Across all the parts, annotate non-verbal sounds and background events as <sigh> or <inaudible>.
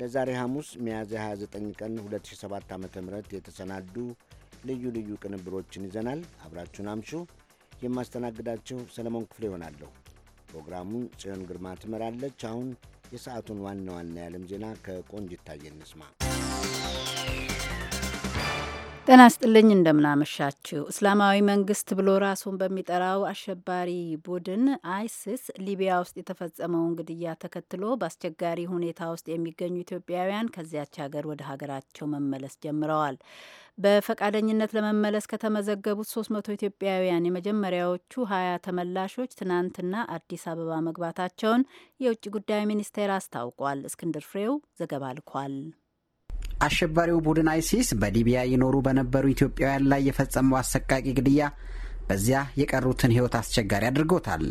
ለዛሬ ሐሙስ ሚያዝያ 29 ቀን 2007 ዓ ም የተሰናዱ ልዩ ልዩ ቅንብሮችን ይዘናል። አብራችሁን አምሹ። የማስተናግዳቸው ሰለሞን ክፍሌ ይሆናለሁ። ፕሮግራሙን ጽዮን ግርማ ትመራለች። አሁን የሰዓቱን ዋና ዋና የዓለም ዜና ከቆንጅ ታየ እንስማ። ጤና ስጥልኝ እንደምናመሻችው። እስላማዊ መንግስት ብሎ ራሱን በሚጠራው አሸባሪ ቡድን አይሲስ ሊቢያ ውስጥ የተፈጸመውን ግድያ ተከትሎ በአስቸጋሪ ሁኔታ ውስጥ የሚገኙ ኢትዮጵያውያን ከዚያች ሀገር ወደ ሀገራቸው መመለስ ጀምረዋል። በፈቃደኝነት ለመመለስ ከተመዘገቡት 300 ኢትዮጵያውያን የመጀመሪያዎቹ ሀያ ተመላሾች ትናንትና አዲስ አበባ መግባታቸውን የውጭ ጉዳይ ሚኒስቴር አስታውቋል። እስክንድር ፍሬው ዘገባ ልኳል። አሸባሪው ቡድን አይሲስ በሊቢያ ይኖሩ በነበሩ ኢትዮጵያውያን ላይ የፈጸመው አሰቃቂ ግድያ በዚያ የቀሩትን ሕይወት አስቸጋሪ አድርጎታል።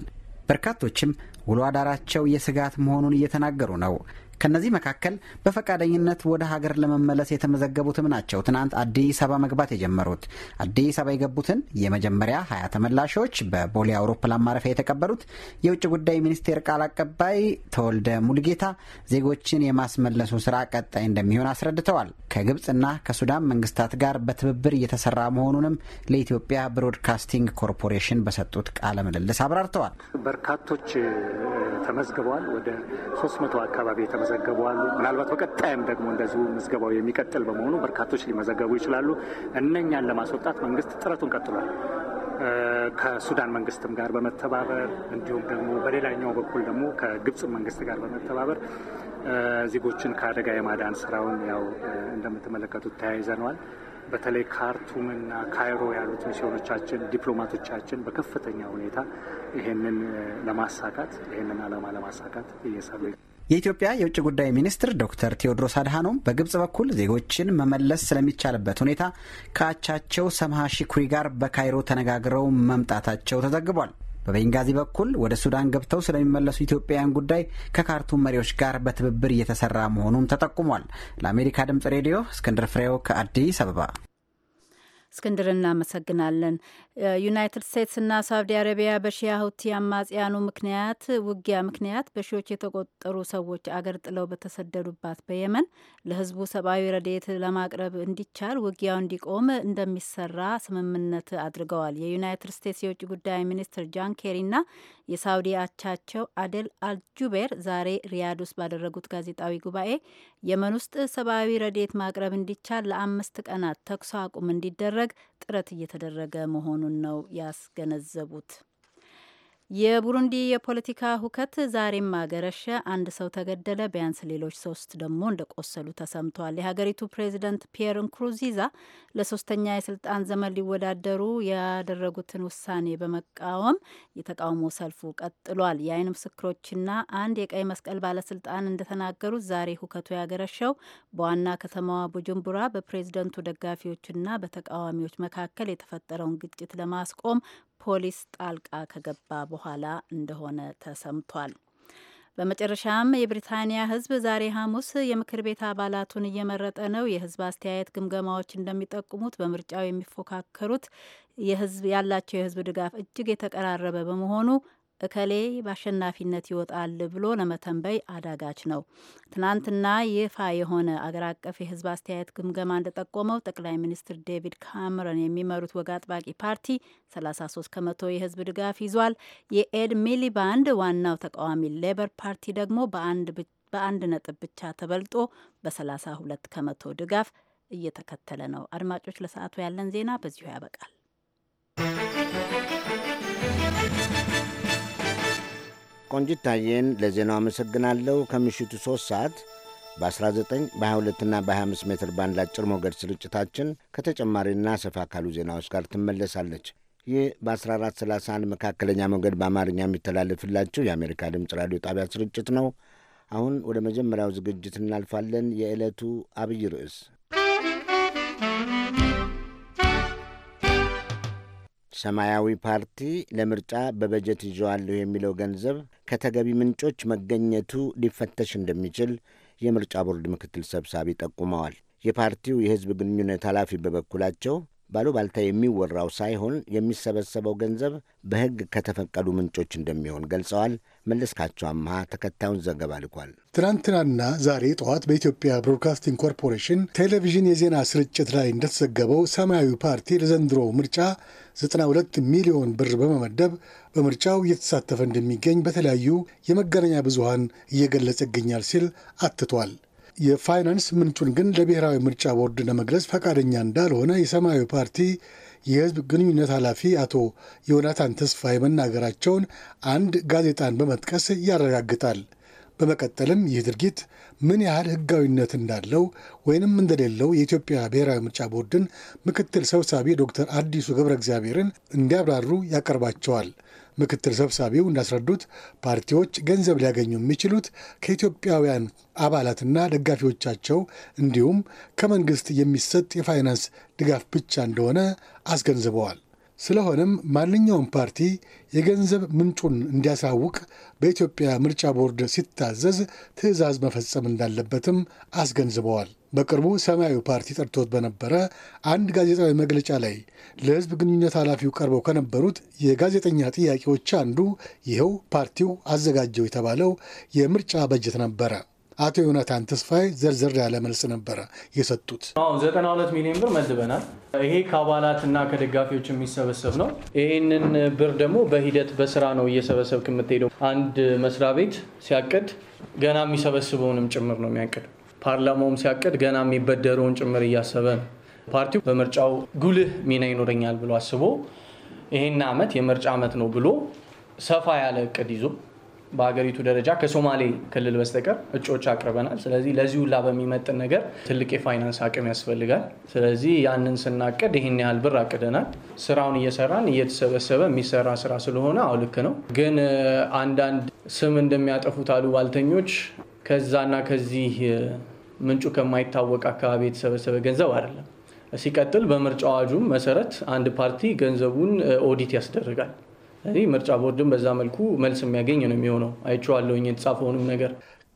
በርካቶችም ውሎ አዳራቸው የስጋት መሆኑን እየተናገሩ ነው። ከእነዚህ መካከል በፈቃደኝነት ወደ ሀገር ለመመለስ የተመዘገቡትም ናቸው። ትናንት አዲስ አበባ መግባት የጀመሩት አዲስ አበባ የገቡትን የመጀመሪያ ሀያ ተመላሾች በቦሌ አውሮፕላን ማረፊያ የተቀበሉት የውጭ ጉዳይ ሚኒስቴር ቃል አቀባይ ተወልደ ሙልጌታ ዜጎችን የማስመለሱ ስራ ቀጣይ እንደሚሆን አስረድተዋል። ከግብፅና ከሱዳን መንግስታት ጋር በትብብር እየተሰራ መሆኑንም ለኢትዮጵያ ብሮድካስቲንግ ኮርፖሬሽን በሰጡት ቃለ ምልልስ አብራርተዋል። በርካቶች ተመዝግበዋል። ወደ 300 አካባቢ የተመዘ የተመዘገቡ አሉ። ምናልባት በቀጣይም ደግሞ እንደዚሁ ምዝገባው የሚቀጥል በመሆኑ በርካቶች ሊመዘገቡ ይችላሉ። እነኛን ለማስወጣት መንግስት ጥረቱን ቀጥሏል። ከሱዳን መንግስትም ጋር በመተባበር እንዲሁም ደግሞ በሌላኛው በኩል ደግሞ ከግብፅ መንግስት ጋር በመተባበር ዜጎችን ከአደጋ የማዳን ስራውን ያው እንደምትመለከቱት ተያይዘነዋል። በተለይ ካርቱምና ካይሮ ያሉት ሚስዮኖቻችን፣ ዲፕሎማቶቻችን በከፍተኛ ሁኔታ ይህንን ለማሳካት ይህንን አላማ ለማሳካት እየሰሩ የኢትዮጵያ የውጭ ጉዳይ ሚኒስትር ዶክተር ቴዎድሮስ አድሃኖም በግብጽ በኩል ዜጎችን መመለስ ስለሚቻልበት ሁኔታ ከአቻቸው ሰምሃ ሺኩሪ ጋር በካይሮ ተነጋግረው መምጣታቸው ተዘግቧል። በቤንጋዚ በኩል ወደ ሱዳን ገብተው ስለሚመለሱ ኢትዮጵያውያን ጉዳይ ከካርቱም መሪዎች ጋር በትብብር እየተሰራ መሆኑም ተጠቁሟል። ለአሜሪካ ድምጽ ሬዲዮ እስክንድር ፍሬው ከአዲስ አበባ እስክንድር እናመሰግናለን። ዩናይትድ ስቴትስና ሳውዲ አረቢያ በሺያ ሁቲ አማጽያኑ ምክንያት ውጊያ ምክንያት በሺዎች የተቆጠሩ ሰዎች አገር ጥለው በተሰደዱባት በየመን ለሕዝቡ ሰብአዊ ረድኤት ለማቅረብ እንዲቻል ውጊያው እንዲቆም እንደሚሰራ ስምምነት አድርገዋል። የዩናይትድ ስቴትስ የውጭ ጉዳይ ሚኒስትር ጃን ኬሪና የሳውዲ አቻቸው አደል አልጁቤር ዛሬ ሪያድ ውስጥ ባደረጉት ጋዜጣዊ ጉባኤ የመን ውስጥ ሰብአዊ ረድኤት ማቅረብ እንዲቻል ለአምስት ቀናት ተኩስ አቁም እንዲደረግ ለማድረግ ጥረት እየተደረገ መሆኑን ነው ያስገነዘቡት። የቡሩንዲ የፖለቲካ ሁከት ዛሬም አገረሸ። አንድ ሰው ተገደለ፣ ቢያንስ ሌሎች ሶስት ደግሞ እንደቆሰሉ ተሰምቷል። የሀገሪቱ ፕሬዚደንት ፒየር ንኩሩንዚዛ ለሶስተኛ የስልጣን ዘመን ሊወዳደሩ ያደረጉትን ውሳኔ በመቃወም የተቃውሞ ሰልፉ ቀጥሏል። የአይን ምስክሮችና አንድ የቀይ መስቀል ባለስልጣን እንደተናገሩት ዛሬ ሁከቱ ያገረሸው በዋና ከተማዋ ቡጁምቡራ በፕሬዝደንቱ ደጋፊዎችና በተቃዋሚዎች መካከል የተፈጠረውን ግጭት ለማስቆም ፖሊስ ጣልቃ ከገባ በኋላ እንደሆነ ተሰምቷል። በመጨረሻም የብሪታንያ ሕዝብ ዛሬ ሐሙስ የምክር ቤት አባላቱን እየመረጠ ነው። የሕዝብ አስተያየት ግምገማዎች እንደሚጠቁሙት በምርጫው የሚፎካከሩት የሕዝብ ያላቸው የሕዝብ ድጋፍ እጅግ የተቀራረበ በመሆኑ እከሌ በአሸናፊነት ይወጣል ብሎ ለመተንበይ አዳጋች ነው። ትናንትና ይፋ የሆነ አገር አቀፍ የህዝብ አስተያየት ግምገማ እንደጠቆመው ጠቅላይ ሚኒስትር ዴቪድ ካምረን የሚመሩት ወግ አጥባቂ ፓርቲ 33 ከመቶ የህዝብ ድጋፍ ይዟል። የኤድ ሚሊባንድ ዋናው ተቃዋሚ ሌበር ፓርቲ ደግሞ በአንድ በአንድ ነጥብ ብቻ ተበልጦ በ32 ከመቶ ድጋፍ እየተከተለ ነው። አድማጮች፣ ለሰዓቱ ያለን ዜና በዚሁ ያበቃል። ቆንጅታየን ለዜናው አመሰግናለሁ። ከምሽቱ 3 ሰዓት በ19 በ22ና በ25 ሜትር ባንድ አጭር ሞገድ ስርጭታችን ከተጨማሪና ሰፋ ካሉ ዜናዎች ጋር ትመለሳለች። ይህ በ1431 መካከለኛ ሞገድ በአማርኛ የሚተላለፍላችሁ የአሜሪካ ድምፅ ራዲዮ ጣቢያ ስርጭት ነው። አሁን ወደ መጀመሪያው ዝግጅት እናልፋለን። የዕለቱ አብይ ርዕስ ሰማያዊ ፓርቲ ለምርጫ በበጀት ይዤዋለሁ የሚለው ገንዘብ ከተገቢ ምንጮች መገኘቱ ሊፈተሽ እንደሚችል የምርጫ ቦርድ ምክትል ሰብሳቢ ጠቁመዋል። የፓርቲው የሕዝብ ግንኙነት ኃላፊ በበኩላቸው ባሉባልታ የሚወራው ሳይሆን የሚሰበሰበው ገንዘብ በሕግ ከተፈቀዱ ምንጮች እንደሚሆን ገልጸዋል። መለስካቸው አምሃ ተከታዩን ዘገባ ልኳል። ትናንትናና ዛሬ ጠዋት በኢትዮጵያ ብሮድካስቲንግ ኮርፖሬሽን ቴሌቪዥን የዜና ስርጭት ላይ እንደተዘገበው ሰማያዊ ፓርቲ ለዘንድሮ ምርጫ 92 ሚሊዮን ብር በመመደብ በምርጫው እየተሳተፈ እንደሚገኝ በተለያዩ የመገናኛ ብዙኃን እየገለጸ ይገኛል ሲል አትቷል። የፋይናንስ ምንጩን ግን ለብሔራዊ ምርጫ ቦርድ ለመግለጽ ፈቃደኛ እንዳልሆነ የሰማያዊ ፓርቲ የህዝብ ግንኙነት ኃላፊ አቶ ዮናታን ተስፋዬ መናገራቸውን አንድ ጋዜጣን በመጥቀስ ያረጋግጣል። በመቀጠልም ይህ ድርጊት ምን ያህል ህጋዊነት እንዳለው ወይንም እንደሌለው የኢትዮጵያ ብሔራዊ ምርጫ ቦርድን ምክትል ሰብሳቢ ዶክተር አዲሱ ገብረ እግዚአብሔርን እንዲያብራሩ ያቀርባቸዋል። ምክትል ሰብሳቢው እንዳስረዱት ፓርቲዎች ገንዘብ ሊያገኙ የሚችሉት ከኢትዮጵያውያን አባላትና ደጋፊዎቻቸው እንዲሁም ከመንግስት የሚሰጥ የፋይናንስ ድጋፍ ብቻ እንደሆነ አስገንዝበዋል። ስለሆነም ማንኛውም ፓርቲ የገንዘብ ምንጩን እንዲያሳውቅ በኢትዮጵያ ምርጫ ቦርድ ሲታዘዝ ትዕዛዝ መፈጸም እንዳለበትም አስገንዝበዋል። በቅርቡ ሰማያዊ ፓርቲ ጠርቶት በነበረ አንድ ጋዜጣዊ መግለጫ ላይ ለሕዝብ ግንኙነት ኃላፊው ቀርበው ከነበሩት የጋዜጠኛ ጥያቄዎች አንዱ ይኸው ፓርቲው አዘጋጀው የተባለው የምርጫ በጀት ነበረ። አቶ ዮናታን ተስፋይ ዘርዘር ያለ መልስ ነበረ የሰጡት። አሁን ሁለት ሚሊዮን ብር መድበናል። ይሄ ከአባላትና ከደጋፊዎች የሚሰበሰብ ነው። ይህንን ብር ደግሞ በሂደት በስራ ነው እየሰበሰብክ የምትሄደው። አንድ መስሪያ ቤት ሲያቅድ ገና የሚሰበስበውንም ጭምር ነው የሚያቅድ። ፓርላማውም ሲያቅድ ገና የሚበደረውን ጭምር እያሰበ ነው። ፓርቲው በምርጫው ጉልህ ሚና ይኖረኛል ብሎ አስቦ ይሄን ዓመት የምርጫ ዓመት ነው ብሎ ሰፋ ያለ እቅድ ይዞ በሀገሪቱ ደረጃ ከሶማሌ ክልል በስተቀር እጩዎች አቅርበናል። ስለዚህ ለዚህ ሁላ በሚመጥን ነገር ትልቅ የፋይናንስ አቅም ያስፈልጋል። ስለዚህ ያንን ስናቀድ ይህን ያህል ብር አቅደናል። ስራውን እየሰራን እየተሰበሰበ የሚሰራ ስራ ስለሆነ አውልክ ልክ ነው። ግን አንዳንድ ስም እንደሚያጠፉት አሉ ባልተኞች ከዛና ከዚህ ምንጩ ከማይታወቅ አካባቢ የተሰበሰበ ገንዘብ አይደለም። ሲቀጥል በምርጫ አዋጁም መሰረት አንድ ፓርቲ ገንዘቡን ኦዲት ያስደርጋል። እኔ ምርጫ ቦርድን በዛ መልኩ መልስ የሚያገኝ ነው የሚሆነው። አይቼዋለሁኝ የተጻፈውንም ነገር።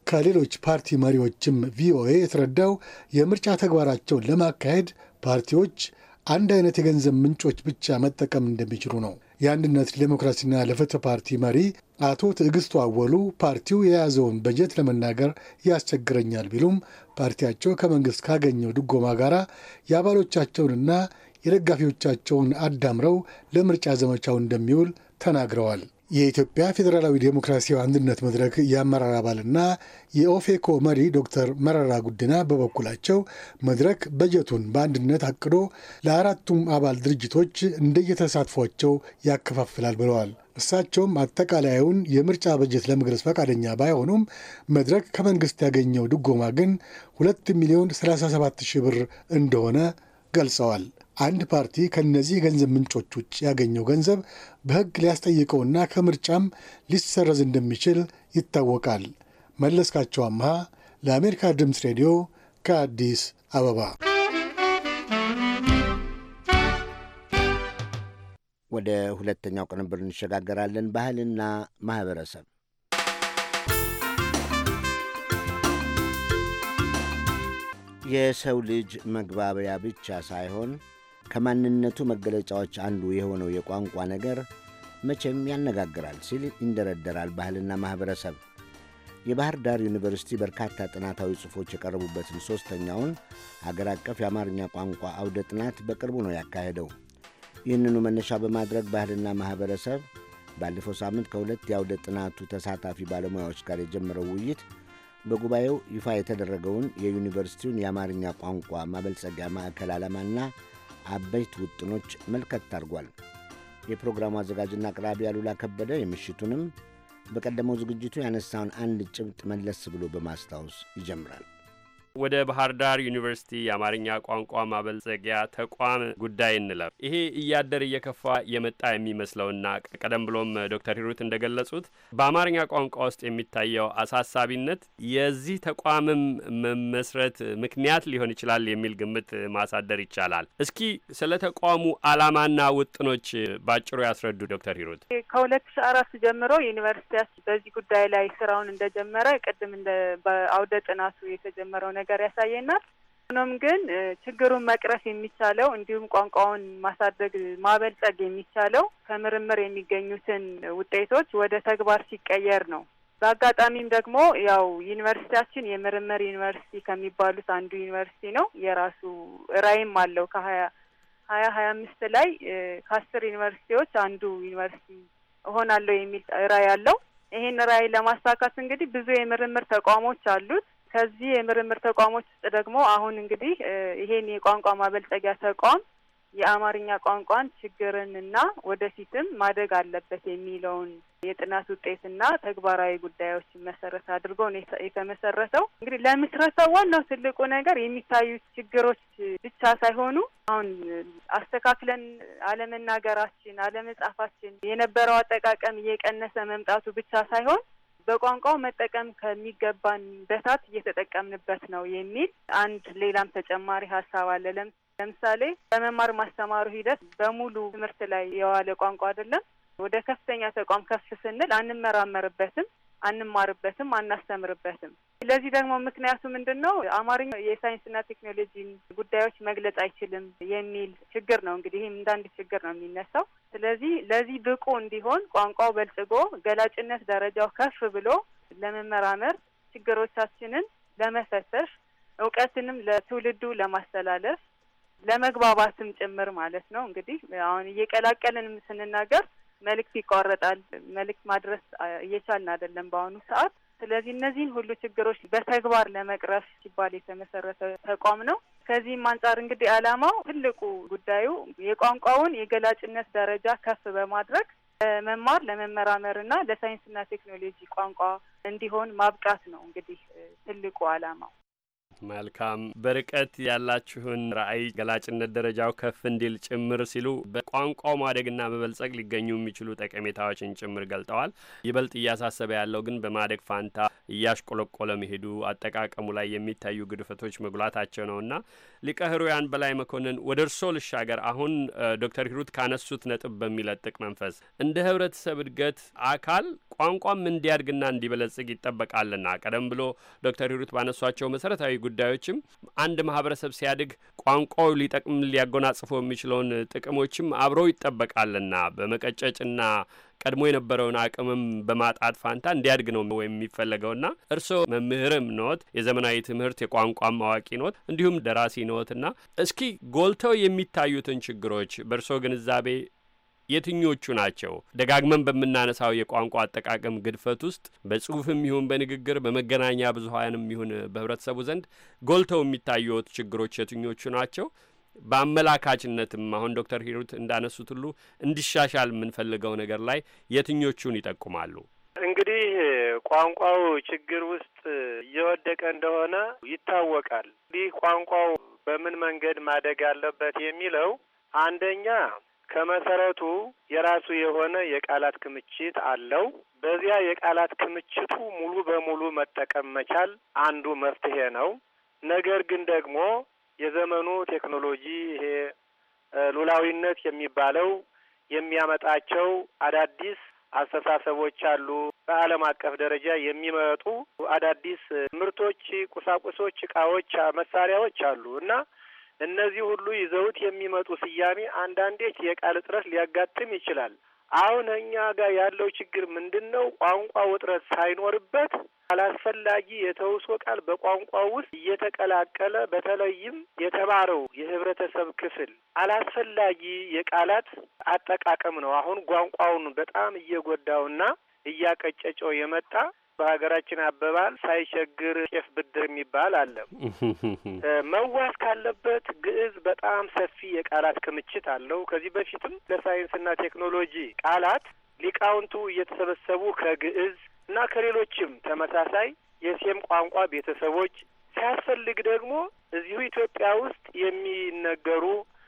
ከሌሎች ፓርቲ መሪዎችም ቪኦኤ የተረዳው የምርጫ ተግባራቸውን ለማካሄድ ፓርቲዎች አንድ አይነት የገንዘብ ምንጮች ብቻ መጠቀም እንደሚችሉ ነው። የአንድነት ለዲሞክራሲና ለፍትህ ፓርቲ መሪ አቶ ትዕግስቱ አወሉ ፓርቲው የያዘውን በጀት ለመናገር ያስቸግረኛል ቢሉም ፓርቲያቸው ከመንግስት ካገኘው ድጎማ ጋር የአባሎቻቸውንና የደጋፊዎቻቸውን አዳምረው ለምርጫ ዘመቻው እንደሚውል ተናግረዋል። የኢትዮጵያ ፌዴራላዊ ዴሞክራሲያዊ አንድነት መድረክ የአመራር አባልና የኦፌኮ መሪ ዶክተር መረራ ጉዲና በበኩላቸው መድረክ በጀቱን በአንድነት አቅዶ ለአራቱም አባል ድርጅቶች እንደየተሳትፏቸው ያከፋፍላል ብለዋል። እሳቸውም አጠቃላዩን የምርጫ በጀት ለመግለጽ ፈቃደኛ ባይሆኑም መድረክ ከመንግስት ያገኘው ድጎማ ግን 2 ሚሊዮን 37 ሺህ ብር እንደሆነ ገልጸዋል። አንድ ፓርቲ ከእነዚህ የገንዘብ ምንጮች ውጭ ያገኘው ገንዘብ በሕግ ሊያስጠይቀውና ከምርጫም ሊሰረዝ እንደሚችል ይታወቃል። መለስካቸው አምሃ ለአሜሪካ ድምፅ ሬዲዮ ከአዲስ አበባ። ወደ ሁለተኛው ቅንብር እንሸጋገራለን። ባህልና ማህበረሰብ የሰው ልጅ መግባቢያ ብቻ ሳይሆን ከማንነቱ መገለጫዎች አንዱ የሆነው የቋንቋ ነገር መቼም ያነጋግራል ሲል ይንደረደራል ባህልና ማኅበረሰብ። የባህር ዳር ዩኒቨርሲቲ በርካታ ጥናታዊ ጽሑፎች የቀረቡበትን ሦስተኛውን አገር አቀፍ የአማርኛ ቋንቋ አውደ ጥናት በቅርቡ ነው ያካሄደው። ይህንኑ መነሻ በማድረግ ባህልና ማኅበረሰብ ባለፈው ሳምንት ከሁለት የአውደ ጥናቱ ተሳታፊ ባለሙያዎች ጋር የጀመረው ውይይት በጉባኤው ይፋ የተደረገውን የዩኒቨርሲቲውን የአማርኛ ቋንቋ ማበልጸጊያ ማዕከል ዓላማና አበይት ውጥኖች መልከት ታርጓል። የፕሮግራሙ አዘጋጅና አቅራቢ አሉላ ከበደ የምሽቱንም በቀደመው ዝግጅቱ ያነሳውን አንድ ጭብጥ መለስ ብሎ በማስታወስ ይጀምራል። ወደ ባህር ዳር ዩኒቨርሲቲ የአማርኛ ቋንቋ ማበልጸጊያ ተቋም ጉዳይ እንለፍ። ይሄ እያደር እየከፋ የመጣ የሚመስለውና ቀደም ብሎም ዶክተር ሂሩት እንደገለጹት በአማርኛ ቋንቋ ውስጥ የሚታየው አሳሳቢነት የዚህ ተቋምም መመስረት ምክንያት ሊሆን ይችላል የሚል ግምት ማሳደር ይቻላል። እስኪ ስለ ተቋሙ ዓላማና ውጥኖች ባጭሩ ያስረዱ ዶክተር ሂሩት። ከሁለት ሺ አራት ጀምሮ ዩኒቨርሲቲያችን በዚህ ጉዳይ ላይ ስራውን እንደጀመረ ቅድም እንደ በአውደ ጥናቱ የተጀመረው ነገር ነገር ያሳየናል። ሆኖም ግን ችግሩን መቅረፍ የሚቻለው እንዲሁም ቋንቋውን ማሳደግ ማበልጸግ የሚቻለው ከምርምር የሚገኙትን ውጤቶች ወደ ተግባር ሲቀየር ነው። በአጋጣሚም ደግሞ ያው ዩኒቨርሲቲያችን የምርምር ዩኒቨርሲቲ ከሚባሉት አንዱ ዩኒቨርሲቲ ነው። የራሱ ራዕይም አለው ከሀያ ሀያ ሀያ አምስት ላይ ከአስር ዩኒቨርሲቲዎች አንዱ ዩኒቨርሲቲ እሆናለሁ የሚል ራዕይ አለው። ይህን ራዕይ ለማሳካት እንግዲህ ብዙ የምርምር ተቋሞች አሉት። ከዚህ የምርምር ተቋሞች ውስጥ ደግሞ አሁን እንግዲህ ይሄን የቋንቋ ማበልጸጊያ ተቋም የአማርኛ ቋንቋን ችግርንና ወደፊትም ማደግ አለበት የሚለውን የጥናት ውጤትና ተግባራዊ ጉዳዮችን መሰረት አድርጎ ነው የተመሰረተው። እንግዲህ ለምስረታው ዋናው ትልቁ ነገር የሚታዩት ችግሮች ብቻ ሳይሆኑ አሁን አስተካክለን አለመናገራችን፣ አለመጻፋችን፣ የነበረው አጠቃቀም እየቀነሰ መምጣቱ ብቻ ሳይሆን በቋንቋው መጠቀም ከሚገባን በታት እየተጠቀምንበት ነው የሚል አንድ ሌላም ተጨማሪ ሀሳብ አለ። ለምሳሌ በመማር ማስተማሩ ሂደት በሙሉ ትምህርት ላይ የዋለ ቋንቋ አይደለም። ወደ ከፍተኛ ተቋም ከፍ ስንል አንመራመርበትም። አንማርበትም፣ አናስተምርበትም። ለዚህ ደግሞ ምክንያቱ ምንድን ነው? አማርኛ የሳይንስና ቴክኖሎጂን ጉዳዮች መግለጽ አይችልም የሚል ችግር ነው። እንግዲህ ይህም እንዳንድ ችግር ነው የሚነሳው። ስለዚህ ለዚህ ብቁ እንዲሆን ቋንቋው በልጽጎ ገላጭነት ደረጃው ከፍ ብሎ ለመመራመር ችግሮቻችንን ለመፈተሽ እውቀትንም ለትውልዱ ለማስተላለፍ ለመግባባትም ጭምር ማለት ነው። እንግዲህ አሁን እየቀላቀልን ስንናገር መልእክት ይቋረጣል። መልእክት ማድረስ እየቻልን አይደለም በአሁኑ ሰዓት። ስለዚህ እነዚህን ሁሉ ችግሮች በተግባር ለመቅረፍ ሲባል የተመሰረተ ተቋም ነው። ከዚህም አንጻር እንግዲህ ዓላማው ትልቁ ጉዳዩ የቋንቋውን የገላጭነት ደረጃ ከፍ በማድረግ ለመማር ለመመራመርና ለሳይንስና ቴክኖሎጂ ቋንቋ እንዲሆን ማብቃት ነው እንግዲህ ትልቁ ዓላማው። መልካም በርቀት ያላችሁን ራዕይ ገላጭነት ደረጃው ከፍ እንዲል ጭምር ሲሉ በቋንቋው ማደግና መበልጸግ ሊገኙ የሚችሉ ጠቀሜታዎችን ጭምር ገልጠዋል። ይበልጥ እያሳሰበ ያለው ግን በማደግ ፋንታ እያሽቆለቆለ መሄዱ አጠቃቀሙ ላይ የሚታዩ ግድፈቶች መጉላታቸው ነውና ሊቀ ህሩያን በላይ መኮንን ወደ እርሶ ልሻገር። አሁን ዶክተር ሂሩት ካነሱት ነጥብ በሚለጥቅ መንፈስ እንደ ህብረተሰብ እድገት አካል ቋንቋም እንዲያድግና እንዲበለጽግ ይጠበቃልና ቀደም ብሎ ዶክተር ሂሩት ባነሷቸው መሰረታዊ ጉዳዮችም አንድ ማህበረሰብ ሲያድግ ቋንቋው ሊጠቅም ሊያጎናጽፎ የሚችለውን ጥቅሞችም አብረው ይጠበቃልና በመቀጨጭና ቀድሞ የነበረውን አቅምም በማጣት ፋንታ እንዲያድግ ነው ወይም የሚፈለገውና እርስዎ መምህርም ኖት፣ የዘመናዊ ትምህርት የቋንቋም አዋቂ ኖት፣ እንዲሁም ደራሲ ኖትና እስኪ ጎልተው የሚታዩትን ችግሮች በእርስዎ ግንዛቤ የትኞቹ ናቸው? ደጋግመን በምናነሳው የቋንቋ አጠቃቀም ግድፈት ውስጥ በጽሁፍም ይሁን በንግግር በመገናኛ ብዙሀንም ይሁን በህብረተሰቡ ዘንድ ጎልተው የሚታዩት ችግሮች የትኞቹ ናቸው? በአመላካችነትም አሁን ዶክተር ሂሩት እንዳነሱት ሁሉ እንዲሻሻል የምንፈልገው ነገር ላይ የትኞቹን ይጠቁማሉ? እንግዲህ ቋንቋው ችግር ውስጥ እየወደቀ እንደሆነ ይታወቃል። እንዲህ ቋንቋው በምን መንገድ ማደግ አለበት የሚለው አንደኛ ከመሰረቱ የራሱ የሆነ የቃላት ክምችት አለው። በዚያ የቃላት ክምችቱ ሙሉ በሙሉ መጠቀም መቻል አንዱ መፍትሄ ነው። ነገር ግን ደግሞ የዘመኑ ቴክኖሎጂ ይሄ ሉላዊነት የሚባለው የሚያመጣቸው አዳዲስ አስተሳሰቦች አሉ። በዓለም አቀፍ ደረጃ የሚመጡ አዳዲስ ምርቶች፣ ቁሳቁሶች፣ እቃዎች፣ መሳሪያዎች አሉ እና እነዚህ ሁሉ ይዘውት የሚመጡ ስያሜ አንዳንዴች የቃል እጥረት ሊያጋጥም ይችላል። አሁን እኛ ጋር ያለው ችግር ምንድን ነው? ቋንቋ ውጥረት ሳይኖርበት አላስፈላጊ የተውሶ ቃል በቋንቋ ውስጥ እየተቀላቀለ በተለይም የተማረው የህብረተሰብ ክፍል አላስፈላጊ የቃላት አጠቃቀም ነው። አሁን ቋንቋውን በጣም እየጎዳውና እያቀጨጨው የመጣ በሀገራችን አበባል ሳይቸግር ጤፍ ብድር የሚባል አለ። <laughs> መዋስ ካለበት ግዕዝ በጣም ሰፊ የቃላት ክምችት አለው። ከዚህ በፊትም ለሳይንስና ቴክኖሎጂ ቃላት ሊቃውንቱ እየተሰበሰቡ ከግዕዝ እና ከሌሎችም ተመሳሳይ የሴም ቋንቋ ቤተሰቦች ሲያስፈልግ ደግሞ እዚሁ ኢትዮጵያ ውስጥ የሚነገሩ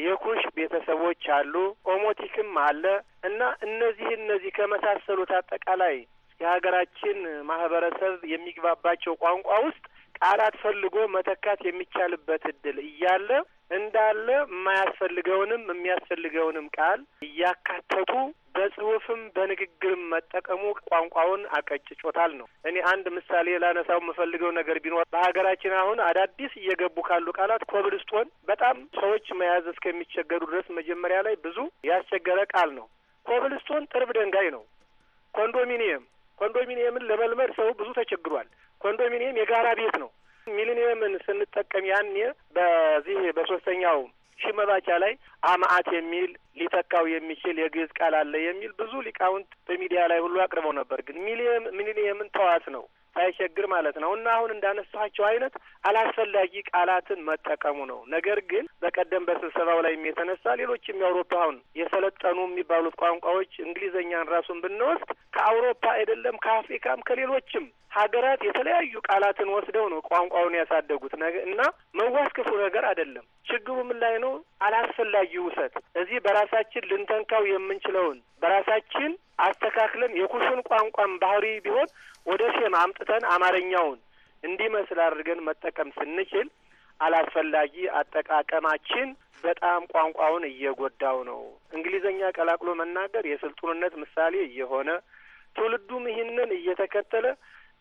የኩሽ ቤተሰቦች አሉ፣ ኦሞቲክም አለ እና እነዚህ እነዚህ ከመሳሰሉት አጠቃላይ የሀገራችን ማህበረሰብ የሚግባባቸው ቋንቋ ውስጥ ቃላት ፈልጎ መተካት የሚቻልበት እድል እያለ እንዳለ የማያስፈልገውንም የሚያስፈልገውንም ቃል እያካተቱ በጽሁፍም በንግግርም መጠቀሙ ቋንቋውን አቀጭጮታል ነው። እኔ አንድ ምሳሌ ላነሳው የምፈልገው ነገር ቢኖር በሀገራችን አሁን አዳዲስ እየገቡ ካሉ ቃላት ኮብልስቶን በጣም ሰዎች መያዝ እስከሚቸገሩ ድረስ መጀመሪያ ላይ ብዙ ያስቸገረ ቃል ነው። ኮብልስቶን ጥርብ ድንጋይ ነው። ኮንዶሚኒየም ኮንዶሚኒየምን ለመልመድ ሰው ብዙ ተቸግሯል። ኮንዶሚኒየም የጋራ ቤት ነው። ሚሊኒየምን ስንጠቀም ያኔ በዚህ በሶስተኛው ሽመባቻ መባቻ ላይ አማአት የሚል ሊተካው የሚችል የግዕዝ ቃል አለ የሚል ብዙ ሊቃውንት በሚዲያ ላይ ሁሉ አቅርበው ነበር። ግን ሚሊየም ሚሊኒየምን ተዋት ነው ሳይቸግር ማለት ነው። እና አሁን እንዳነሳቸው አይነት አላስፈላጊ ቃላትን መጠቀሙ ነው። ነገር ግን በቀደም በስብሰባው ላይም የተነሳ ሌሎችም የአውሮፓውን የሰለጠኑ የሚባሉት ቋንቋዎች እንግሊዝኛን ራሱን ብንወስድ ከአውሮፓ አይደለም ከአፍሪካም ከሌሎችም ሀገራት የተለያዩ ቃላትን ወስደው ነው ቋንቋውን ያሳደጉት እና መዋስ ክፉ ነገር አይደለም። ችግሩ ምን ላይ ነው? አላስፈላጊ ውሰት እዚህ በራሳችን ልንተንካው የምንችለውን በራሳችን አስተካክለን የኩሹን ቋንቋን ባህሪ ቢሆን ወደ ሼም አምጥተን አማርኛውን እንዲመስል አድርገን መጠቀም ስንችል አላስፈላጊ አጠቃቀማችን በጣም ቋንቋውን እየጎዳው ነው። እንግሊዘኛ ቀላቅሎ መናገር የስልጡንነት ምሳሌ እየሆነ ትውልዱም ይህንን እየተከተለ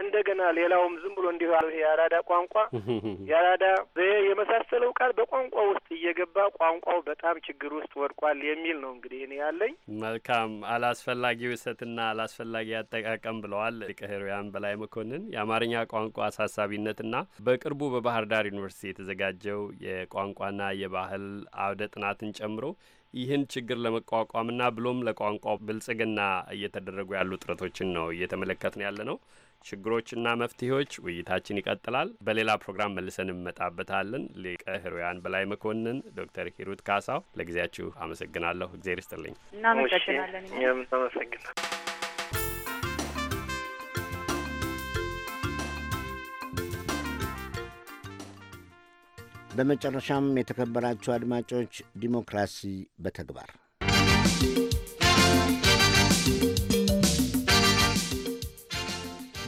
እንደገና ሌላውም ዝም ብሎ እንዲሁ የአራዳ ቋንቋ <laughs> የአራዳ ዘዬ የመሳሰለው ቃል በቋንቋ ውስጥ እየገባ ቋንቋው በጣም ችግር ውስጥ ወድቋል የሚል ነው እንግዲህ እኔ ያለኝ። መልካም አላስፈላጊ ውሰትና አላስፈላጊ አጠቃቀም ብለዋል ሊቀ ሕሩያን በላይ መኮንን። የአማርኛ ቋንቋ አሳሳቢነትና በቅርቡ በባህር ዳር ዩኒቨርሲቲ የተዘጋጀው የቋንቋና የባህል አውደ ጥናትን ጨምሮ ይህን ችግር ለመቋቋምና ብሎም ለቋንቋ ብልጽግና እየተደረጉ ያሉ ጥረቶችን ነው እየተመለከትን ያለ ነው። ችግሮችና መፍትሄዎች ውይይታችን ይቀጥላል። በሌላ ፕሮግራም መልሰን እንመጣበታለን። ሊቀ ሕሩያን በላይ መኮንን፣ ዶክተር ሂሩት ካሳው ለጊዜያችሁ አመሰግናለሁ። እግዜር ይስጥልኝ። እናመሰግናለን። በመጨረሻም የተከበራችሁ አድማጮች ዲሞክራሲ በተግባር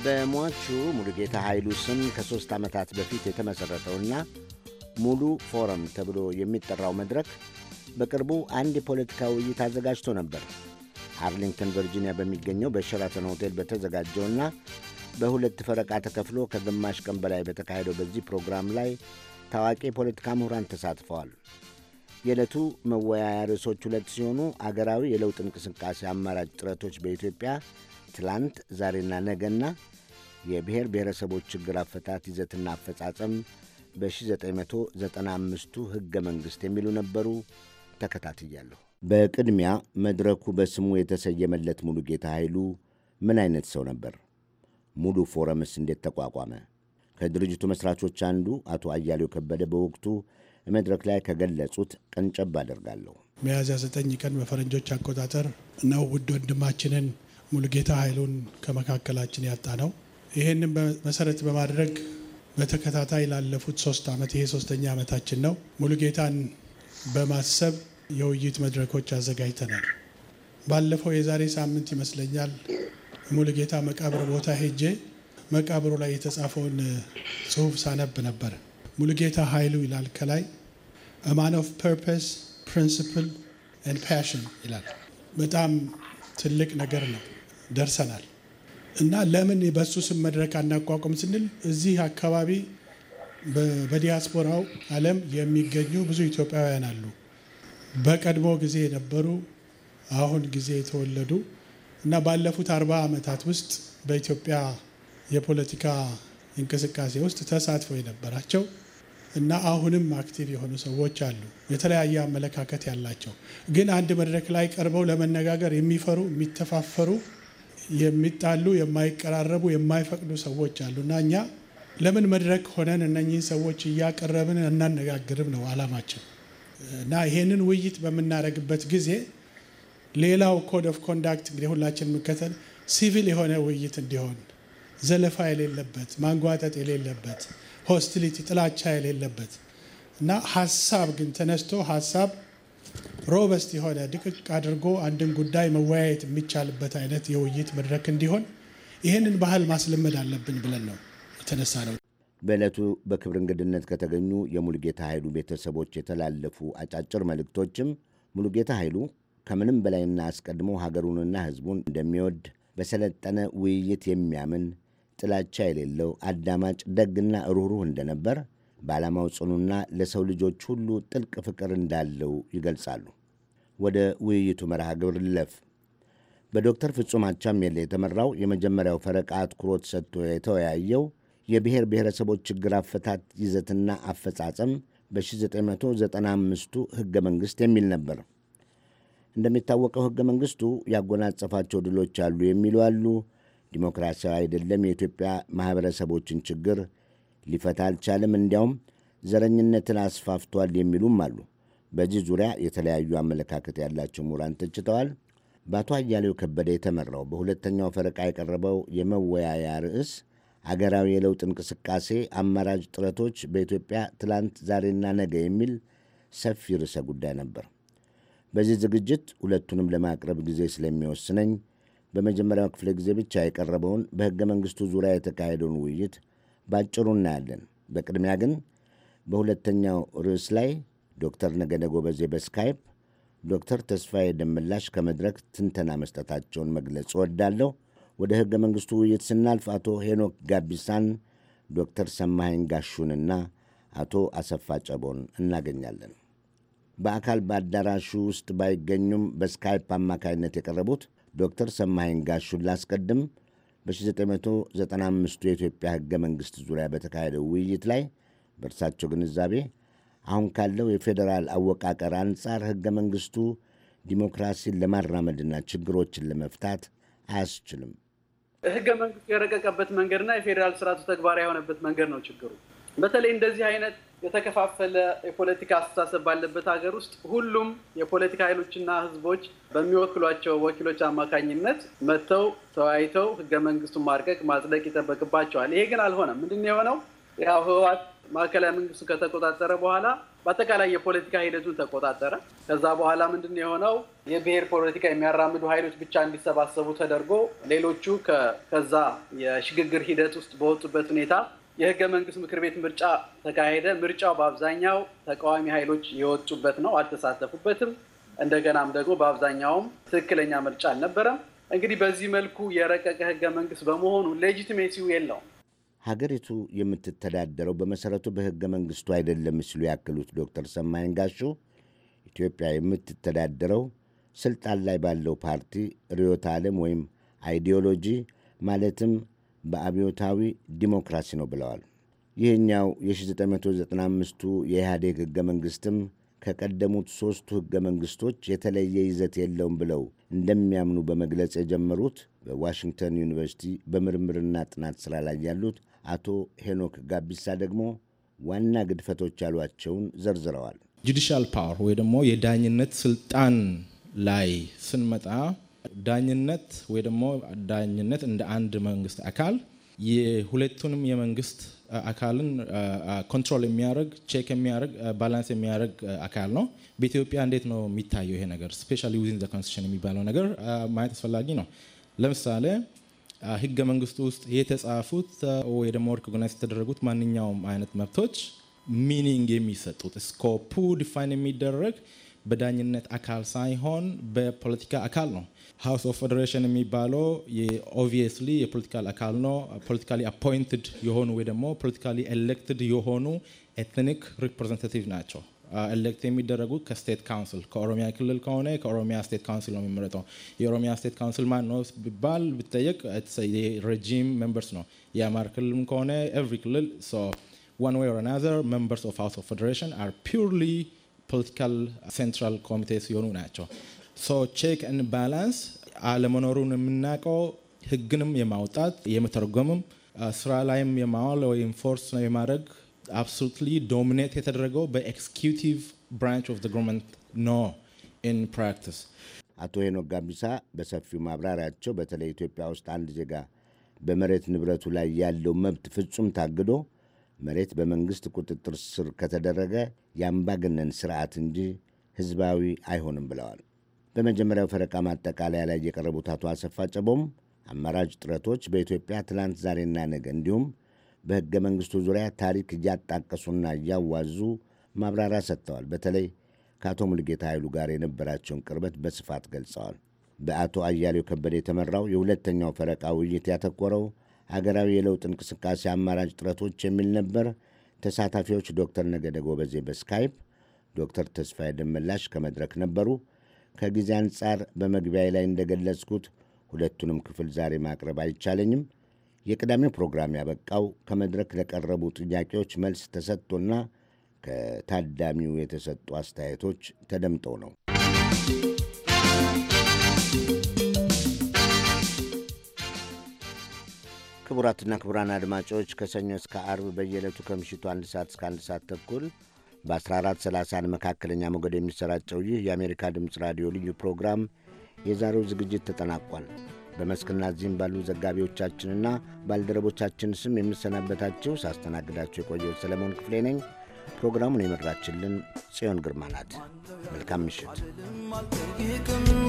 በሟቹ ሙሉጌታ ኃይሉ ስም ከሦስት ዓመታት በፊት የተመሠረተውና ሙሉ ፎረም ተብሎ የሚጠራው መድረክ በቅርቡ አንድ የፖለቲካ ውይይት አዘጋጅቶ ነበር። አርሊንግተን ቨርጂኒያ በሚገኘው በሸራተን ሆቴል በተዘጋጀውና በሁለት ፈረቃ ተከፍሎ ከግማሽ ቀን በላይ በተካሄደው በዚህ ፕሮግራም ላይ ታዋቂ የፖለቲካ ምሁራን ተሳትፈዋል። የዕለቱ መወያያ ርዕሶች ሁለት ሲሆኑ አገራዊ የለውጥ እንቅስቃሴ አማራጭ ጥረቶች በኢትዮጵያ ትላንት ዛሬና ነገና የብሔር ብሔረሰቦች ችግር አፈታት ይዘትና አፈጻጸም በ1995ቱ ሕገ መንግሥት የሚሉ ነበሩ። ተከታትያለሁ። በቅድሚያ መድረኩ በስሙ የተሰየመለት ሙሉ ጌታ ኃይሉ ምን አይነት ሰው ነበር? ሙሉ ፎረምስ እንዴት ተቋቋመ? ከድርጅቱ መስራቾች አንዱ አቶ አያሌው ከበደ በወቅቱ መድረክ ላይ ከገለጹት ቀንጨብ አደርጋለሁ። ሚያዝያ ዘጠኝ ቀን በፈረንጆች አቆጣጠር ነው ውድ ወንድማችንን ሙሉጌታ ኃይሉን ከመካከላችን ያጣ ነው። ይህንን መሰረት በማድረግ በተከታታይ ላለፉት ሶስት ዓመት ይሄ ሶስተኛ ዓመታችን ነው። ሙሉጌታን በማሰብ የውይይት መድረኮች አዘጋጅተናል። ባለፈው የዛሬ ሳምንት ይመስለኛል ሙሉጌታ መቃብር ቦታ ሄጄ መቃብሩ ላይ የተጻፈውን ጽሁፍ ሳነብ ነበር። ሙሉጌታ ኃይሉ ይላል ከላይ ማን ኦፍ ፐርፐስ ፕሪንስፕል ፓሽን ይላል። በጣም ትልቅ ነገር ነው። ደርሰናል እና ለምን በሱ ስም መድረክ አናቋቁም ስንል እዚህ አካባቢ በዲያስፖራው ዓለም የሚገኙ ብዙ ኢትዮጵያውያን አሉ። በቀድሞ ጊዜ የነበሩ አሁን ጊዜ የተወለዱ እና ባለፉት አርባ ዓመታት ውስጥ በኢትዮጵያ የፖለቲካ እንቅስቃሴ ውስጥ ተሳትፎ የነበራቸው እና አሁንም አክቲቭ የሆኑ ሰዎች አሉ። የተለያየ አመለካከት ያላቸው ግን አንድ መድረክ ላይ ቀርበው ለመነጋገር የሚፈሩ የሚተፋፈሩ የሚጣሉ የማይቀራረቡ የማይፈቅዱ ሰዎች አሉ እና እኛ ለምን መድረክ ሆነን እነኚህን ሰዎች እያቀረብን እናነጋግርም ነው አላማችን እና ይሄንን ውይይት በምናደርግበት ጊዜ ሌላው ኮድ ኦፍ ኮንዳክት እንግዲህ ሁላችን የምከተል ሲቪል የሆነ ውይይት እንዲሆን ዘለፋ የሌለበት፣ ማንጓጠጥ የሌለበት፣ ሆስቲሊቲ ጥላቻ የሌለበት እና ሀሳብ ግን ተነስቶ ሀሳብ ሮበስት የሆነ ድቅቅ አድርጎ አንድን ጉዳይ መወያየት የሚቻልበት አይነት የውይይት መድረክ እንዲሆን ይህንን ባህል ማስለመድ አለብን ብለን ነው የተነሳ ነው። በዕለቱ በክብር እንግድነት ከተገኙ የሙሉጌታ ኃይሉ ቤተሰቦች የተላለፉ አጫጭር መልእክቶችም ሙሉጌታ ኃይሉ ከምንም በላይና አስቀድሞ ሀገሩንና ሕዝቡን እንደሚወድ በሰለጠነ ውይይት የሚያምን ጥላቻ የሌለው አዳማጭ፣ ደግና ሩህሩህ እንደነበር በዓላማው ጽኑና ለሰው ልጆች ሁሉ ጥልቅ ፍቅር እንዳለው ይገልጻሉ። ወደ ውይይቱ መርሃ ግብር ልለፍ። በዶክተር ፍጹም አቻምየለ የተመራው የመጀመሪያው ፈረቃ አትኩሮት ሰጥቶ የተወያየው የብሔር ብሔረሰቦች ችግር አፈታት ይዘትና አፈጻጸም በ1995ቱ ሕገ መንግሥት የሚል ነበር። እንደሚታወቀው ሕገ መንግሥቱ ያጎናጸፋቸው ድሎች አሉ የሚሉ አሉ። ዲሞክራሲያዊ አይደለም፣ የኢትዮጵያ ማኅበረሰቦችን ችግር ሊፈታ አልቻለም፣ እንዲያውም ዘረኝነትን አስፋፍቷል የሚሉም አሉ። በዚህ ዙሪያ የተለያዩ አመለካከት ያላቸው ምሁራን ተችተዋል። በአቶ አያሌው ከበደ የተመራው በሁለተኛው ፈረቃ የቀረበው የመወያያ ርዕስ አገራዊ የለውጥ እንቅስቃሴ አማራጭ ጥረቶች በኢትዮጵያ ትላንት፣ ዛሬና ነገ የሚል ሰፊ ርዕሰ ጉዳይ ነበር። በዚህ ዝግጅት ሁለቱንም ለማቅረብ ጊዜ ስለሚወስነኝ በመጀመሪያው ክፍለ ጊዜ ብቻ የቀረበውን በሕገ መንግሥቱ ዙሪያ የተካሄደውን ውይይት ባጭሩ እናያለን። በቅድሚያ ግን በሁለተኛው ርዕስ ላይ ዶክተር ነገደ ጎበዜ በስካይፕ ዶክተር ተስፋዬ ደምላሽ ከመድረክ ትንተና መስጠታቸውን መግለጽ እወዳለሁ። ወደ ሕገ መንግሥቱ ውይይት ስናልፍ አቶ ሄኖክ ጋቢሳን፣ ዶክተር ሰማኸኝ ጋሹንና አቶ አሰፋ ጨቦን እናገኛለን። በአካል በአዳራሹ ውስጥ ባይገኙም በስካይፕ አማካይነት የቀረቡት ዶክተር ሰማኸኝ ጋሹን ላስቀድም። በ1995ቱ የኢትዮጵያ ህገ መንግሥት ዙሪያ በተካሄደው ውይይት ላይ በእርሳቸው ግንዛቤ አሁን ካለው የፌዴራል አወቃቀር አንጻር ህገ መንግሥቱ ዲሞክራሲን ለማራመድና ችግሮችን ለመፍታት አያስችልም። ህገ መንግስቱ የረቀቀበት መንገድና የፌዴራል ስርዓቱ ተግባራዊ የሆነበት መንገድ ነው ችግሩ። በተለይ እንደዚህ አይነት የተከፋፈለ የፖለቲካ አስተሳሰብ ባለበት ሀገር ውስጥ ሁሉም የፖለቲካ ኃይሎችና ህዝቦች በሚወክሏቸው ወኪሎች አማካኝነት መጥተው ተወያይተው ህገ መንግስቱን ማርቀቅ ማጽደቅ ይጠበቅባቸዋል። ይሄ ግን አልሆነም። ምንድን የሆነው ያው ህወሓት ማዕከላዊ መንግስቱ ከተቆጣጠረ በኋላ በአጠቃላይ የፖለቲካ ሂደቱን ተቆጣጠረ። ከዛ በኋላ ምንድን የሆነው የብሔር ፖለቲካ የሚያራምዱ ኃይሎች ብቻ እንዲሰባሰቡ ተደርጎ ሌሎቹ ከዛ የሽግግር ሂደት ውስጥ በወጡበት ሁኔታ የህገ መንግስት ምክር ቤት ምርጫ ተካሄደ። ምርጫው በአብዛኛው ተቃዋሚ ኃይሎች የወጡበት ነው፣ አልተሳተፉበትም። እንደገናም ደግሞ በአብዛኛውም ትክክለኛ ምርጫ አልነበረም። እንግዲህ በዚህ መልኩ የረቀቀ ህገ መንግስት በመሆኑ ሌጂቲሜሲው የለውም። ሀገሪቱ የምትተዳደረው በመሰረቱ በህገ መንግስቱ አይደለም ሲሉ ያክሉት ዶክተር ሰማይን ጋሹ ኢትዮጵያ የምትተዳደረው ስልጣን ላይ ባለው ፓርቲ ርዕዮተ ዓለም ወይም አይዲዮሎጂ ማለትም በአብዮታዊ ዲሞክራሲ ነው ብለዋል። ይህኛው የ1995ቱ የኢህአዴግ ሕገ መንግሥትም ከቀደሙት ሦስቱ ሕገ መንግሥቶች የተለየ ይዘት የለውም ብለው እንደሚያምኑ በመግለጽ የጀመሩት በዋሽንግተን ዩኒቨርሲቲ በምርምርና ጥናት ሥራ ላይ ያሉት አቶ ሄኖክ ጋቢሳ ደግሞ ዋና ግድፈቶች ያሏቸውን ዘርዝረዋል። ጁዲሻል ፓወር ወይ ደግሞ የዳኝነት ስልጣን ላይ ስንመጣ ዳኝነት ወይ ደግሞ ዳኝነት እንደ አንድ መንግስት አካል የሁለቱንም የመንግስት አካልን ኮንትሮል የሚያደርግ ቼክ የሚያደርግ ባላንስ የሚያደርግ አካል ነው። በኢትዮጵያ እንዴት ነው የሚታየው ይሄ ነገር? ስፔሻሊ ዊዝን ዘ ኮንስቲቱሽን የሚባለው ነገር ማየት አስፈላጊ ነው። ለምሳሌ ህገ መንግስቱ ውስጥ የተጻፉት ወይ ደግሞ ሪኮግናይዝ የተደረጉት ማንኛውም አይነት መብቶች ሚኒንግ የሚሰጡት ስኮፑ ዲፋይን የሚደረግ በዳኝነት አካል ሳይሆን በፖለቲካ አካል ነው። ሃውስ ኦፍ ፌዴሬሽን የሚባለው ኦብቪየስሊ የፖለቲካል አካል ነው። ፖለቲካሊ አፖይንትድ የሆኑ ወይ ደግሞ ፖለቲካሊ ኤሌክትድ የሆኑ ኤትኒክ ሪፕሬዘንታቲቭ ናቸው። ኤሌክት የሚደረጉ ከስቴት ካውንስል ከኦሮሚያ ክልል ከሆነ ከኦሮሚያ ስቴት ካውንስል ነው የሚመረጠው። የኦሮሚያ ስቴት ካውንስል ማን ነው ቢባል ብጠየቅ የሬጂም ሜምበርስ ነው። የአማር ክልልም ከሆነ ኤቭሪ ክልል ሶ ዋን ዌይ ኦር አናዘር ሜምበርስ ኦፍ ሃውስ ኦፍ ፌዴሬሽን አር ፒውርሊ ፖለቲካል ሴንትራል ኮሚቴ ሲሆኑ ናቸው። ሶ ቼክ ኤንድ ባላንስ አለመኖሩን የምናውቀው ህግንም የማውጣት የመተርጎምም ስራ ላይም የማዋል ወይ ኢንፎርስ የማድረግ አብሶሉትሊ ዶሚኔት የተደረገው በኤክስኪዩቲቭ ብራንች ኦፍ ገቨርንመንት ኖ ኢን ፕራክቲስ። አቶ ሄኖክ ጋቢሳ በሰፊው ማብራሪያቸው በተለይ ኢትዮጵያ ውስጥ አንድ ዜጋ በመሬት ንብረቱ ላይ ያለው መብት ፍጹም ታግዶ መሬት በመንግሥት ቁጥጥር ስር ከተደረገ የአምባገነን ስርዓት እንጂ ሕዝባዊ አይሆንም ብለዋል። በመጀመሪያው ፈረቃ ማጠቃለያ ላይ የቀረቡት አቶ አሰፋ ጨቦም አማራጭ ጥረቶች በኢትዮጵያ ትላንት፣ ዛሬና ነገ እንዲሁም በሕገ መንግሥቱ ዙሪያ ታሪክ እያጣቀሱና እያዋዙ ማብራሪያ ሰጥተዋል። በተለይ ከአቶ ሙልጌታ ኃይሉ ጋር የነበራቸውን ቅርበት በስፋት ገልጸዋል። በአቶ አያሌው ከበደ የተመራው የሁለተኛው ፈረቃ ውይይት ያተኮረው አገራዊ የለውጥ እንቅስቃሴ አማራጭ ጥረቶች የሚል ነበር። ተሳታፊዎች ዶክተር ነገደ ጎበዜ በስካይፕ፣ ዶክተር ተስፋዬ ደመላሽ ከመድረክ ነበሩ። ከጊዜ አንጻር በመግቢያ ላይ እንደገለጽኩት ሁለቱንም ክፍል ዛሬ ማቅረብ አይቻለኝም። የቅዳሜው ፕሮግራም ያበቃው ከመድረክ ለቀረቡ ጥያቄዎች መልስ ተሰጥቶና ከታዳሚው የተሰጡ አስተያየቶች ተደምጠው ነው። ክቡራትና ክቡራን አድማጮች ከሰኞ እስከ አርብ በየዕለቱ ከምሽቱ አንድ ሰዓት እስከ አንድ ሰዓት ተኩል በ1430 መካከለኛ ሞገድ የሚሰራጨው ይህ የአሜሪካ ድምፅ ራዲዮ ልዩ ፕሮግራም የዛሬው ዝግጅት ተጠናቋል። በመስክና እዚህም ባሉ ዘጋቢዎቻችንና ባልደረቦቻችን ስም የምሰናበታችሁ ሳስተናግዳችሁ የቆየው ሰለሞን ክፍሌ ነኝ። ፕሮግራሙን የመራችልን ጽዮን ግርማ ናት። መልካም ምሽት።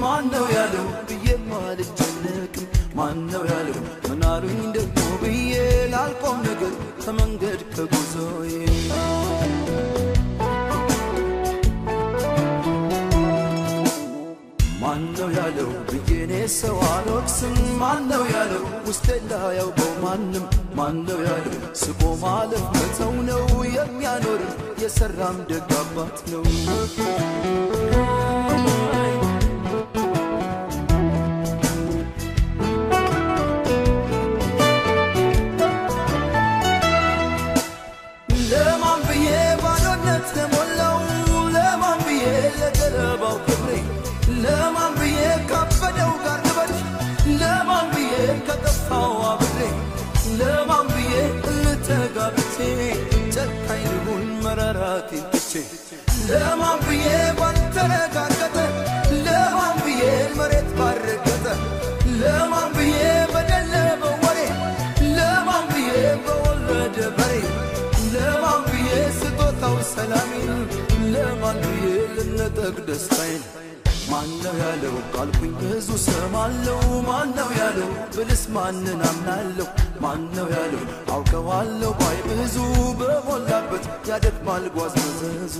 ማነው ያለው ብዬ ማልጨነቅም፣ ማነው ያለው ምናሉኝ ደግሞ ብዬ ላልቆም ነገር ከመንገድ ከጉዞዬ ማነው ያለው ብዬ እኔ ሰው አልወቅስም፣ ማነው ያለው ውስጤ ላያውቀው ማንም ማነው ያለ ስቆ ማለፍ መተው ነው የሚያኖር የሰራም ደግ አባት ነው። ተጋብቼ ጨካኝ ልሁን መራራቴን ትቼ ለማን ብዬ ባልተረጋገጠ ለማን ብዬ መሬት ባረገጠ ለማን ብዬ በደለ በወሬ ለማን ብዬ በወለደ በሬ ለማን ብዬ ስጦታው ሰላሜን ለማን ብዬ ልነጠቅ ደስታዬን ማነው ያለው ቃልኩኝ ብዙ ሰማለው ማነው ያለው ብልስ ማንን አምናለሁ ማነው ያለው አውቀዋለሁ ባይ ብዙ በሞላበት ያደክማል ጓዝ መዘዙ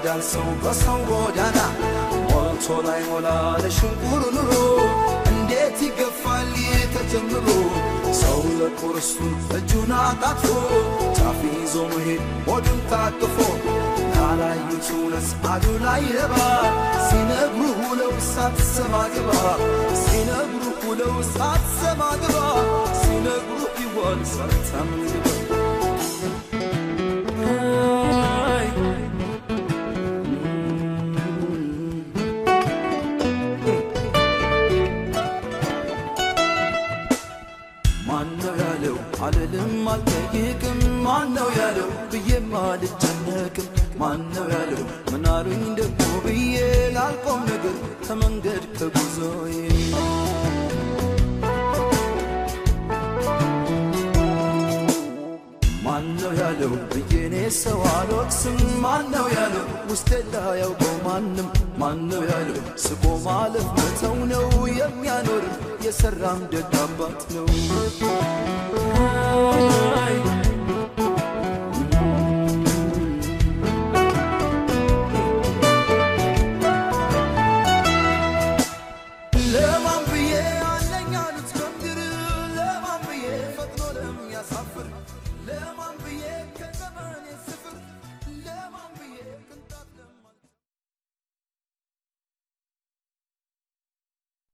ይረዳል ሰው በሰው ጎዳና ሞልቶ ላይ ሞላ ለሽንቁር ኑሮ እንዴት ይገፋል ተጀምሮ ሰው ለቁርሱ እጁን አጣጥፎ ጫፍ ይዞ መሄድ ሆዱን ታቅፎ ካላዩት እውነት አዱ ላይ ረባ ሲነግሩ ሁለው ሳትሰማ ግባ ሲነግሩ ሁለው ሳትሰማ ግባ ሲነግሩ ይሆን ሰርተም ግባ አልጨነቅም ማነው ያለው ምናሉኝ ደግሞ ብዬ ላልቆም ነገር ከመንገድ ከጉዞዬ ማነው ያለው ብዬኔ ሰው አልወቅስም ማነው ያለው ውስጤ ላያውቀው ማንም ማነው ያለው ስቆ ማለፍ መተው ነው የሚያኖርም የሰራም ደግ አባት ነው